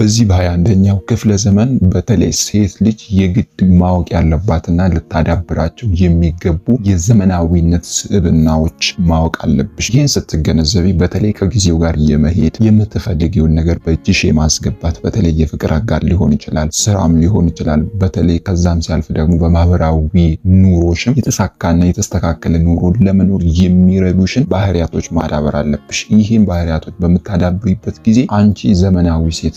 በዚህ በ21ኛው ክፍለ ዘመን በተለይ ሴት ልጅ የግድ ማወቅ ያለባትና ልታዳብራቸው የሚገቡ የዘመናዊነት ስዕብናዎች ማወቅ አለብሽ። ይህን ስትገነዘቢ በተለይ ከጊዜው ጋር የመሄድ የምትፈልጊውን ነገር በእጅሽ የማስገባት በተለይ የፍቅር አጋር ሊሆን ይችላል፣ ስራም ሊሆን ይችላል። በተለይ ከዛም ሲያልፍ ደግሞ በማህበራዊ ኑሮሽም የተሳካና የተስተካከለ ኑሮ ለመኖር የሚረዱሽን ባህሪያቶች ማዳበር አለብሽ። ይህን ባህሪያቶች በምታዳብሪበት ጊዜ አንቺ ዘመናዊ ሴት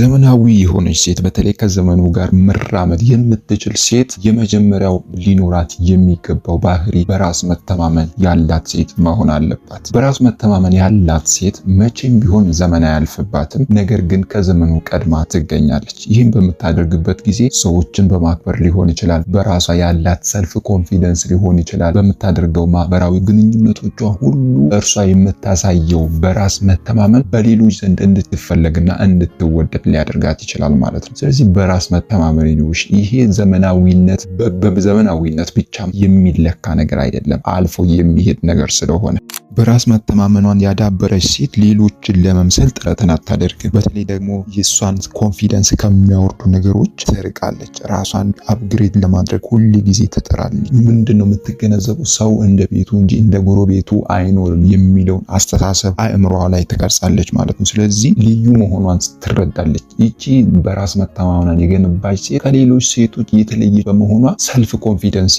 ዘመናዊ የሆነች ሴት በተለይ ከዘመኑ ጋር መራመድ የምትችል ሴት የመጀመሪያው ሊኖራት የሚገባው ባህሪ በራስ መተማመን ያላት ሴት መሆን አለባት። በራስ መተማመን ያላት ሴት መቼም ቢሆን ዘመን አያልፍባትም። ነገር ግን ከዘመኑ ቀድማ ትገኛለች። ይህም በምታደርግበት ጊዜ ሰዎችን በማክበር ሊሆን ይችላል፣ በራሷ ያላት ሰልፍ ኮንፊደንስ ሊሆን ይችላል። በምታደርገው ማህበራዊ ግንኙነቶቿ ሁሉ እርሷ የምታሳየው በራስ መተማመን በሌሎች ዘንድ እንድትፈለግና እንድትወደድ ሊያደርጋት ይችላል ማለት ነው። ስለዚህ በራስ መተማመን ይኑርሽ። ይሄ ዘመናዊነት በዘመናዊነት ብቻ የሚለካ ነገር አይደለም፣ አልፎ የሚሄድ ነገር ስለሆነ በራስ መተማመኗን ያዳበረች ሴት ሌሎችን ለመምሰል ጥረትን አታደርግም። በተለይ ደግሞ የእሷን ኮንፊደንስ ከሚያወርዱ ነገሮች ትርቃለች። ራሷን አፕግሬድ ለማድረግ ሁል ጊዜ ትጥራለች። ምንድን ነው የምትገነዘበው? ሰው እንደ ቤቱ እንጂ እንደ ጎረቤቱ አይኖርም የሚለውን አስተሳሰብ አእምሯ ላይ ትቀርጻለች ማለት ነው። ስለዚህ ልዩ መሆኗን ትረዳለች። ይቺ በራስ መተማመኗን የገነባች ሴት ከሌሎች ሴቶች የተለየ በመሆኗ ሰልፍ ኮንፊደንስ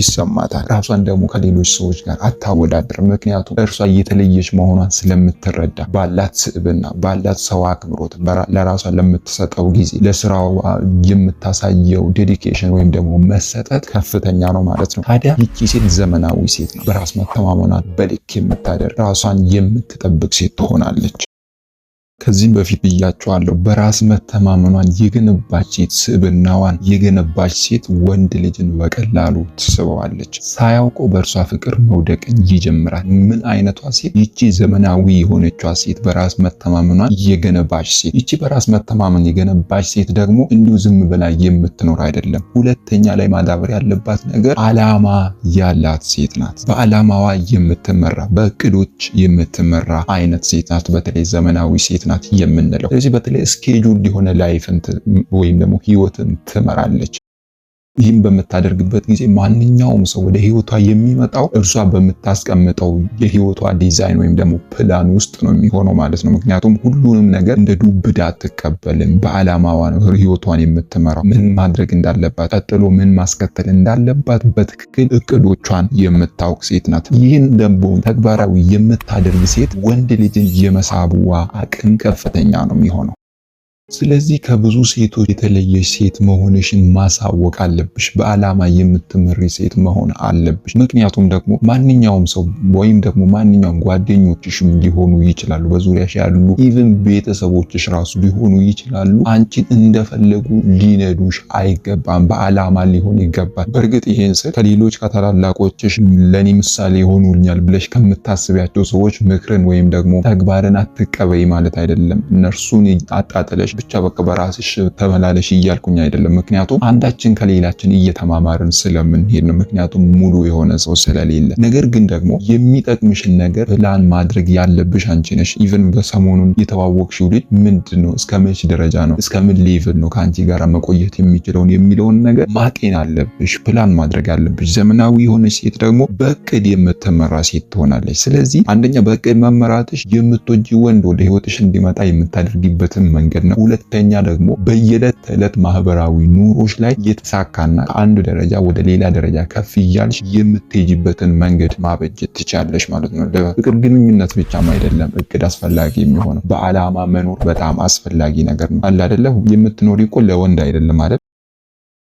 ይሰማታል። ራሷን ደግሞ ከሌሎች ሰዎች ጋር አታወዳድርም። ምክንያቱ ምክንያቱም እርሷ እየተለየች መሆኗን ስለምትረዳ ባላት ስዕብና ባላት ሰው አክብሮት ለራሷ ለምትሰጠው ጊዜ ለስራው የምታሳየው ዴዲኬሽን ወይም ደግሞ መሰጠት ከፍተኛ ነው ማለት ነው። ታዲያ ይቺ ሴት ዘመናዊ ሴት ነው። በራስ መተማመኗን በልክ የምታደርግ ራሷን የምትጠብቅ ሴት ትሆናለች። ከዚህም በፊት ብያቸዋለሁ። በራስ መተማመኗን የገነባች ሴት፣ ስብናዋን የገነባች ሴት ወንድ ልጅን በቀላሉ ትስበዋለች። ሳያውቀው በእርሷ ፍቅር መውደቅን ይጀምራል። ምን አይነቷ ሴት? ይቺ ዘመናዊ የሆነቿ ሴት፣ በራስ መተማመኗን የገነባች ሴት። ይቺ በራስ መተማመን የገነባች ሴት ደግሞ እንዲሁ ዝም ብላ የምትኖር አይደለም። ሁለተኛ ላይ ማዳበር ያለባት ነገር አላማ ያላት ሴት ናት። በአላማዋ የምትመራ በእቅዶች የምትመራ አይነት ሴት ናት። በተለይ ዘመናዊ ሴት ናት የምንለው። ስለዚህ በተለይ ስኬጁል የሆነ ላይፍን ወይም ደግሞ ህይወትን ትመራለች። ይህም በምታደርግበት ጊዜ ማንኛውም ሰው ወደ ህይወቷ የሚመጣው እርሷ በምታስቀምጠው የህይወቷ ዲዛይን ወይም ደግሞ ፕላን ውስጥ ነው የሚሆነው ማለት ነው። ምክንያቱም ሁሉንም ነገር እንደ ዱብዳ አትቀበልም። በዓላማዋ ነው ህይወቷን የምትመራው። ምን ማድረግ እንዳለባት፣ ቀጥሎ ምን ማስከተል እንዳለባት በትክክል እቅዶቿን የምታውቅ ሴት ናት። ይህን ደግሞ ተግባራዊ የምታደርግ ሴት ወንድ ልጅን የመሳብዋ አቅም ከፍተኛ ነው የሚሆነው። ስለዚህ ከብዙ ሴቶች የተለየች ሴት መሆንሽን ማሳወቅ አለብሽ። በዓላማ የምትመሪ ሴት መሆን አለብሽ። ምክንያቱም ደግሞ ማንኛውም ሰው ወይም ደግሞ ማንኛውም ጓደኞችሽም ሊሆኑ ይችላሉ፣ በዙሪያሽ ያሉ ኢቭን ቤተሰቦችሽ ራሱ ሊሆኑ ይችላሉ። አንቺን እንደፈለጉ ሊነዱሽ አይገባም። በዓላማ ሊሆን ይገባል። በእርግጥ ይሄን ስል ከሌሎች ከታላላቆችሽ ለእኔ ምሳሌ ይሆኑልኛል ብለሽ ከምታስቢያቸው ሰዎች ምክርን ወይም ደግሞ ተግባርን አትቀበይ ማለት አይደለም። እነርሱን አጣጥለሽ ብቻ በቃ በራስሽ ተመላለሽ እያልኩኝ አይደለም። ምክንያቱም አንዳችን ከሌላችን እየተማማርን ስለምንሄድ ነው። ምክንያቱም ሙሉ የሆነ ሰው ስለሌለ። ነገር ግን ደግሞ የሚጠቅምሽን ነገር ፕላን ማድረግ ያለብሽ አንቺ ነሽ። ኢቨን በሰሞኑን የተዋወቅሽው ልጅ ምንድን ነው፣ እስከ መች ደረጃ ነው፣ እስከ ምን ሌቭል ነው ከአንቺ ጋር መቆየት የሚችለውን የሚለውን ነገር ማጤን አለብሽ፣ ፕላን ማድረግ አለብሽ። ዘመናዊ የሆነች ሴት ደግሞ በእቅድ የምትመራ ሴት ትሆናለች። ስለዚህ አንደኛ በእቅድ መመራትሽ የምትወጂ ወንድ ወደ ህይወትሽ እንዲመጣ የምታደርጊበትን መንገድ ነው። ሁለተኛ ደግሞ በየዕለት ተዕለት ማህበራዊ ኑሮች ላይ የተሳካና ከአንድ ደረጃ ወደ ሌላ ደረጃ ከፍ እያልሽ የምትሄጅበትን መንገድ ማበጀት ትቻለሽ ማለት ነው። ለፍቅር ግንኙነት ብቻም አይደለም እቅድ አስፈላጊ የሚሆነው በዓላማ መኖር በጣም አስፈላጊ ነገር ነው። አለ አይደለ? የምትኖሪ እኮ ለወንድ አይደለም ማለት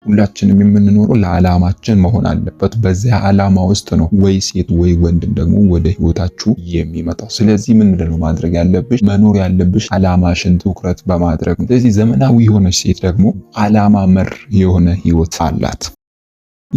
ሁላችንም የምንኖረው ለዓላማችን መሆን አለበት። በዚያ ዓላማ ውስጥ ነው ወይ ሴት ወይ ወንድም ደግሞ ወደ ህይወታችሁ የሚመጣው። ስለዚህ ምንድን ነው ማድረግ ያለብሽ? መኖር ያለብሽ ዓላማሽን ትኩረት በማድረግ ነው። ስለዚህ ዘመናዊ የሆነች ሴት ደግሞ ዓላማ መር የሆነ ህይወት አላት።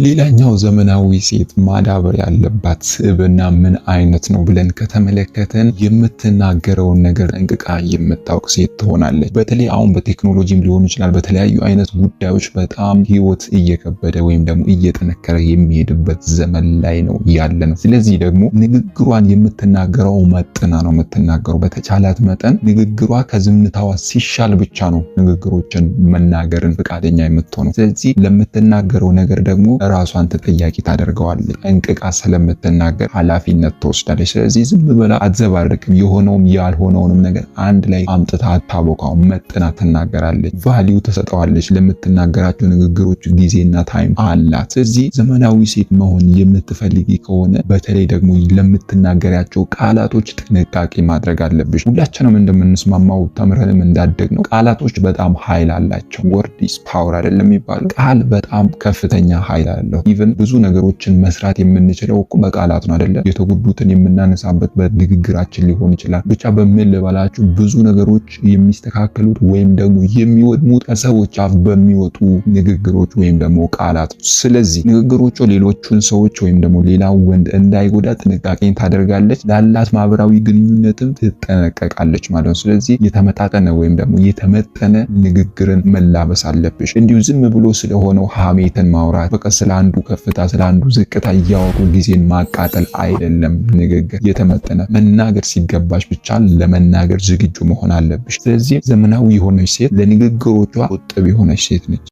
ሌላኛው ዘመናዊ ሴት ማዳበር ያለባት ስብዕና ምን አይነት ነው ብለን ከተመለከተን የምትናገረውን ነገር እንቅቃ የምታውቅ ሴት ትሆናለች። በተለይ አሁን በቴክኖሎጂም ሊሆን ይችላል በተለያዩ አይነት ጉዳዮች በጣም ህይወት እየከበደ ወይም ደግሞ እየጠነከረ የሚሄድበት ዘመን ላይ ነው ያለ ነው። ስለዚህ ደግሞ ንግግሯን የምትናገረው መጥና ነው የምትናገረው። በተቻላት መጠን ንግግሯ ከዝምታዋ ሲሻል ብቻ ነው ንግግሮችን መናገርን ፈቃደኛ የምትሆነው። ስለዚህ ለምትናገረው ነገር ደግሞ ራሷን ተጠያቂ ታደርገዋለች። ጠንቅቃ ስለምትናገር ኃላፊነት ትወስዳለች። ስለዚህ ዝም ብላ አትዘባርቅም። የሆነውም ያልሆነውንም ነገር አንድ ላይ አምጥታ አታቦካው፣ መጥና ትናገራለች። ቫሊዩ ተሰጠዋለች። ለምትናገራቸው ንግግሮች ጊዜና ታይም አላት። ስለዚህ ዘመናዊ ሴት መሆን የምትፈልጊ ከሆነ በተለይ ደግሞ ለምትናገሪያቸው ቃላቶች ጥንቃቄ ማድረግ አለብሽ። ሁላችንም እንደምንስማማው ተምረንም እንዳደግ ነው ቃላቶች በጣም ኃይል አላቸው። ወርድ ፓወር አይደለም የሚባለው ቃል በጣም ከፍተኛ ኃይል እላለሁ። ኢቨን ብዙ ነገሮችን መስራት የምንችለው በቃላት ነው አይደለም። የተጎዱትን የምናነሳበት በንግግራችን ሊሆን ይችላል። ብቻ በምን ልበላችሁ፣ ብዙ ነገሮች የሚስተካከሉት ወይም ደግሞ የሚወድሙት ከሰዎች አፍ በሚወጡ ንግግሮች ወይም ደግሞ ቃላት ነው። ስለዚህ ንግግሮቹ ሌሎቹን ሰዎች ወይም ደግሞ ሌላ ወንድ እንዳይጎዳ ጥንቃቄን ታደርጋለች፣ ላላት ማህበራዊ ግንኙነትም ትጠነቀቃለች ማለት ነው። ስለዚህ የተመጣጠነ ወይም ደግሞ የተመጠነ ንግግርን መላበስ አለብሽ። እንዲሁ ዝም ብሎ ስለሆነው ሀሜትን ማውራት በቀስ ስለ አንዱ ከፍታ፣ ስለ አንዱ ዝቅታ እያወሩ ጊዜን ማቃጠል አይደለም ንግግር። የተመጠነ መናገር ሲገባሽ ብቻ ለመናገር ዝግጁ መሆን አለብሽ። ስለዚህ ዘመናዊ የሆነች ሴት ለንግግሮቿ ቁጥብ የሆነች ሴት ነች።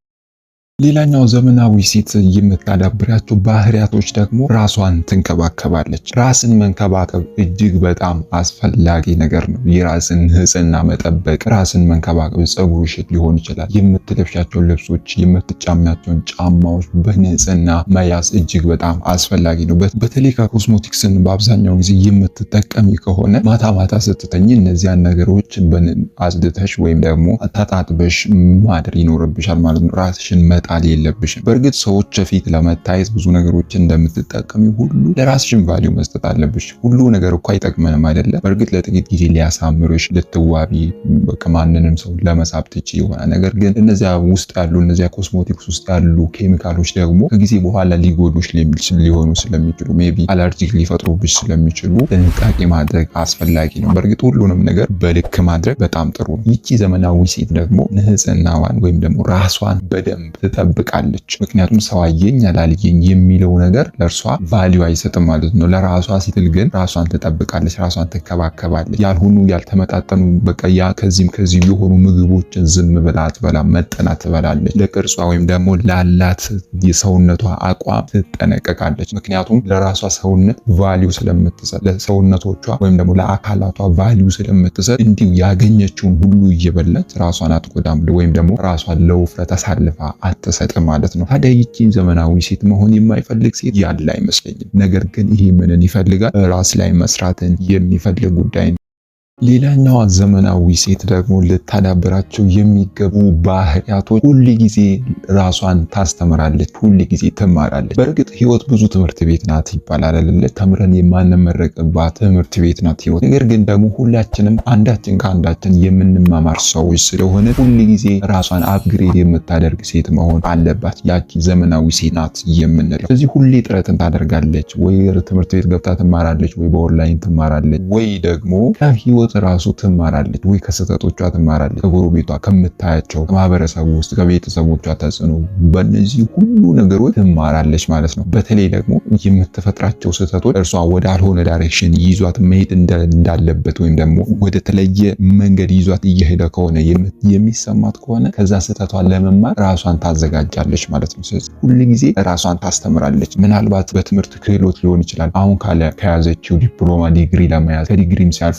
ሌላኛው ዘመናዊ ሴት የምታዳብራቸው ባህሪያቶች ደግሞ ራሷን ትንከባከባለች። ራስን መንከባከብ እጅግ በጣም አስፈላጊ ነገር ነው። የራስን ንጽህና መጠበቅ፣ ራስን መንከባከብ፣ ጸጉርሽ ሊሆን ይችላል። የምትለብሻቸው ልብሶች፣ የምትጫሚያቸውን ጫማዎች በንጽህና መያዝ እጅግ በጣም አስፈላጊ ነው። በተለይ ከኮስሞቲክስን በአብዛኛው ጊዜ የምትጠቀሚ ከሆነ ማታ ማታ ስትተኝ እነዚያን ነገሮች አጽድተሽ ወይም ደግሞ ተጣጥበሽ ማደር ይኖርብሻል ማለት ነው። ራስሽን መጠ መጣል የለብሽም። በእርግጥ ሰዎች ፊት ለመታየት ብዙ ነገሮችን እንደምትጠቀሚ ሁሉ ለራስሽም ቫሊዩ መስጠት አለብሽ። ሁሉ ነገር እኮ አይጠቅመንም አይደለም። በእርግጥ ለጥቂት ጊዜ ሊያሳምርሽ፣ ልትዋቢ ከማንንም ሰው ለመሳብ ትች ይሆናል። ነገር ግን እነዚያ ውስጥ ያሉ እነዚያ ኮስሞቲክስ ውስጥ ያሉ ኬሚካሎች ደግሞ ከጊዜ በኋላ ሊጎዱሽ ሊሆኑ ስለሚችሉ ሜይ ቢ አለርጂክ ሊፈጥሩብሽ ስለሚችሉ ጥንቃቄ ማድረግ አስፈላጊ ነው። በእርግጥ ሁሉንም ነገር በልክ ማድረግ በጣም ጥሩ ነው። ይቺ ዘመናዊ ሴት ደግሞ ንጽህናዋን ወይም ደግሞ ራሷን በደንብ ጠብቃለች። ምክንያቱም ሰው አየኝ አላልየኝ የሚለው ነገር ለእርሷ ቫሊዩ አይሰጥም ማለት ነው። ለራሷ ሲትል ግን ራሷን ትጠብቃለች፣ ራሷን ትከባከባለች። ያልሆኑ ያልተመጣጠኑ በቃ ያ ከዚህም ከዚህም የሆኑ ምግቦችን ዝም ብላ አትበላም፣ መጠና ትበላለች። ለቅርጿ ወይም ደግሞ ላላት የሰውነቷ አቋም ትጠነቀቃለች። ምክንያቱም ለራሷ ሰውነት ቫሊዩ ስለምትሰጥ ለሰውነቶቿ ወይም ደግሞ ለአካላቷ ቫሊዩ ስለምትሰጥ እንዲሁ ያገኘችውን ሁሉ እየበላች ራሷን አትጎዳም ወይም ደግሞ ራሷን ለውፍረት አሳልፋ አት ተሰጠ ማለት ነው። ታዲያ ይቺን ዘመናዊ ሴት መሆን የማይፈልግ ሴት ያለ አይመስለኝም። ነገር ግን ይህ ምንን ይፈልጋል? ራስ ላይ መስራትን የሚፈልግ ጉዳይ ነው። ሌላኛዋ ዘመናዊ ሴት ደግሞ ልታዳብራቸው የሚገቡ ባህሪያቶች ሁል ጊዜ ራሷን ታስተምራለች፣ ሁል ጊዜ ትማራለች። በእርግጥ ህይወት ብዙ ትምህርት ቤት ናት ይባላል አይደለ? ተምረን የማንመረቅባት ትምህርት ቤት ናት ህይወት። ነገር ግን ደግሞ ሁላችንም አንዳችን ከአንዳችን የምንማማር ሰዎች ስለሆነ ሁል ጊዜ ራሷን አፕግሬድ የምታደርግ ሴት መሆን አለባት። ያቺ ዘመናዊ ሴት ናት የምንለው። ስለዚህ ሁሌ ጥረትን ታደርጋለች። ወይ ትምህርት ቤት ገብታ ትማራለች፣ ወይ በኦንላይን ትማራለች፣ ወይ ደግሞ ከህይወት ከስህተት ራሱ ትማራለች ወይ ከስህተቶቿ ትማራለች፣ ከጎረቤቷ ከምታያቸው፣ ከማህበረሰቡ ውስጥ ከቤተሰቦቿ ተጽዕኖ፣ በእነዚህ ሁሉ ነገሮች ትማራለች ማለት ነው። በተለይ ደግሞ የምትፈጥራቸው ስህተቶች እርሷ ወዳልሆነ ዳይሬክሽን ይዟት መሄድ እንዳለበት ወይም ደግሞ ወደ ተለየ መንገድ ይዟት እየሄደ ከሆነ የሚሰማት ከሆነ ከዛ ስህተቷ ለመማር ራሷን ታዘጋጃለች ማለት ነው። ስለዚህ ሁሉ ጊዜ ራሷን ታስተምራለች። ምናልባት በትምህርት ክህሎት ሊሆን ይችላል አሁን ካለ ከያዘችው ዲፕሎማ ዲግሪ ለመያዝ ከዲግሪም ሲያልፍ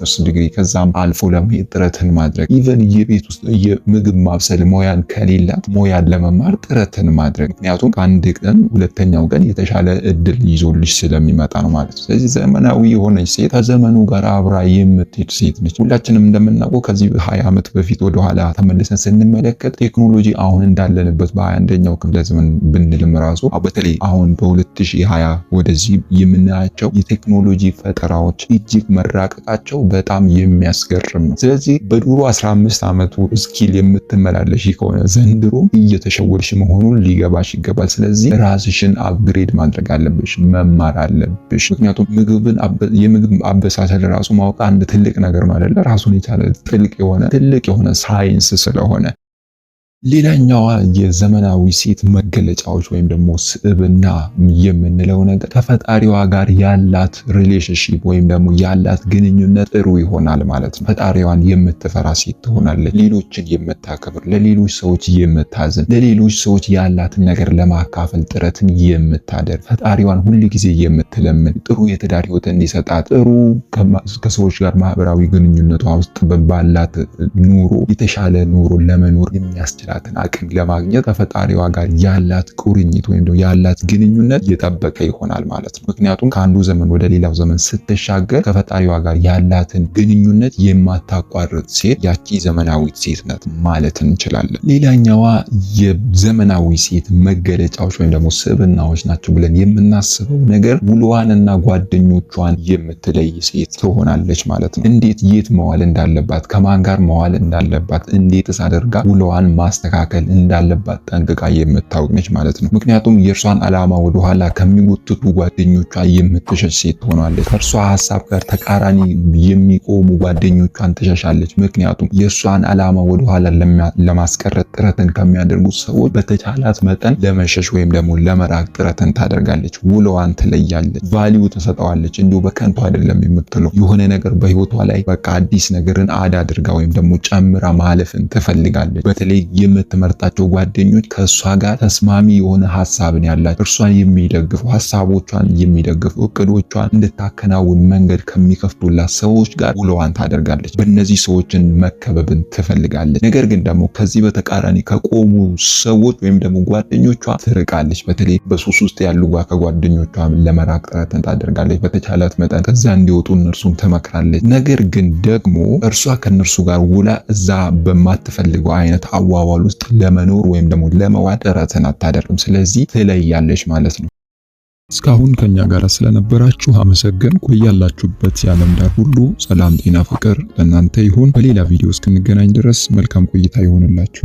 ማስተርስ ዲግሪ ከዛም አልፎ ለመሄድ ጥረትን ማድረግ ኢቨን የቤት ውስጥ የምግብ ማብሰል ሙያን ከሌላት ሙያን ለመማር ጥረትን ማድረግ ምክንያቱም ከአንድ ቀን ሁለተኛው ቀን የተሻለ እድል ይዞልሽ ስለሚመጣ ነው ማለት ነው። ስለዚህ ዘመናዊ የሆነች ሴት ከዘመኑ ጋር አብራ የምትሄድ ሴት ነች። ሁላችንም እንደምናውቀው ከዚህ ሀያ ዓመት በፊት ወደኋላ ተመልሰን ስንመለከት ቴክኖሎጂ አሁን እንዳለንበት በሀያ አንደኛው ክፍለ ዘመን ብንልም ራሱ በተለይ አሁን በ2020 ወደዚህ የምናያቸው የቴክኖሎጂ ፈጠራዎች እጅግ መራቀቃቸው በጣም የሚያስገርም ነው። ስለዚህ በድሮ 15 ዓመቱ እስኪል የምትመላለሽ ከሆነ ዘንድሮ እየተሸወድሽ መሆኑን ሊገባሽ ይገባል። ስለዚህ ራስሽን አፕግሬድ ማድረግ አለብሽ፣ መማር አለብሽ። ምክንያቱም ምግብን የምግብ አበሳሰል ራሱ ማወቅ አንድ ትልቅ ነገር ነው አይደለ? ራሱን የቻለ ጥልቅ የሆነ ትልቅ የሆነ ሳይንስ ስለሆነ ሌላኛዋ የዘመናዊ ሴት መገለጫዎች ወይም ደግሞ ስዕብና የምንለው ነገር ከፈጣሪዋ ጋር ያላት ሪሌሽንሺፕ ወይም ደግሞ ያላት ግንኙነት ጥሩ ይሆናል ማለት ነው። ፈጣሪዋን የምትፈራ ሴት ትሆናለች። ሌሎችን የምታከብር፣ ለሌሎች ሰዎች የምታዝን፣ ለሌሎች ሰዎች ያላትን ነገር ለማካፈል ጥረትን የምታደርግ፣ ፈጣሪዋን ሁል ጊዜ የምትለምን፣ ጥሩ የትዳር ህይወት እንዲሰጣት፣ ጥሩ ከሰዎች ጋር ማህበራዊ ግንኙነቷ ውስጥ ባላት ኑሮ የተሻለ ኑሮ ለመኖር የሚያስችላል የሚችላትን አቅም ለማግኘት ከፈጣሪዋ ጋር ያላት ቁርኝት ወይም ደግሞ ያላት ግንኙነት እየጠበቀ ይሆናል ማለት ነው። ምክንያቱም ከአንዱ ዘመን ወደ ሌላው ዘመን ስትሻገር ከፈጣሪዋ ጋር ያላትን ግንኙነት የማታቋርጥ ሴት ያቺ ዘመናዊት ሴት ናት ማለት እንችላለን። ሌላኛዋ የዘመናዊ ሴት መገለጫዎች ወይም ደግሞ ስብናዎች ናቸው ብለን የምናስበው ነገር ውሎዋንና ጓደኞቿን የምትለይ ሴት ትሆናለች ማለት ነው። እንዴት የት መዋል እንዳለባት፣ ከማን ጋር መዋል እንዳለባት፣ እንዴትስ አድርጋ ውሎዋን ማስ ማስተካከል እንዳለባት ጠንቅቃ የምታውቅ ነች ማለት ነው። ምክንያቱም የእርሷን ዓላማ ወደኋላ ከሚጎትቱ ጓደኞቿ የምትሸሽ ሴት ትሆናለች። ከእርሷ ሀሳብ ጋር ተቃራኒ የሚቆሙ ጓደኞቿን ትሸሻለች። ምክንያቱም የእርሷን ዓላማ ወደኋላ ለማስቀረት ጥረትን ከሚያደርጉት ሰዎች በተቻላት መጠን ለመሸሽ ወይም ደግሞ ለመራቅ ጥረትን ታደርጋለች። ውለዋን ትለያለች፣ ቫሊዩ ተሰጠዋለች። እንዲሁ በከንቱ አይደለም የምትለው የሆነ ነገር በህይወቷ ላይ በቃ አዲስ ነገርን አድ አድርጋ ወይም ደግሞ ጨምራ ማለፍን ትፈልጋለች። በተለይ የምትመርጣቸው ጓደኞች ከእሷ ጋር ተስማሚ የሆነ ሀሳብን ያላቸው እርሷን የሚደግፉ ሀሳቦቿን የሚደግፉ እቅዶቿን እንድታከናውን መንገድ ከሚከፍቱላት ሰዎች ጋር ውለዋን ታደርጋለች። በእነዚህ ሰዎችን መከበብን ትፈልጋለች። ነገር ግን ደግሞ ከዚህ በተቃራኒ ከቆሙ ሰዎች ወይም ደግሞ ጓደኞቿ ትርቃለች። በተለይ በሱስ ውስጥ ያሉ ከጓደኞቿ ለመራቅ ጥረትን ታደርጋለች። በተቻላት መጠን ከዛ እንዲወጡ እነርሱን ትመክራለች። ነገር ግን ደግሞ እርሷ ከእነርሱ ጋር ውላ እዛ በማትፈልገው አይነት አዋዋሉ በባል ውስጥ ለመኖር ወይም ደግሞ ለመዋጥ ጥረትን አታደርግም። ስለዚህ ትለያለች ማለት ነው። እስካሁን ከኛ ጋር ስለነበራችሁ አመሰገንኩ። በያላችሁበት የዓለም ዳር ሁሉ ሰላም፣ ጤና፣ ፍቅር ለእናንተ ይሁን። በሌላ ቪዲዮ እስክንገናኝ ድረስ መልካም ቆይታ ይሆንላችሁ።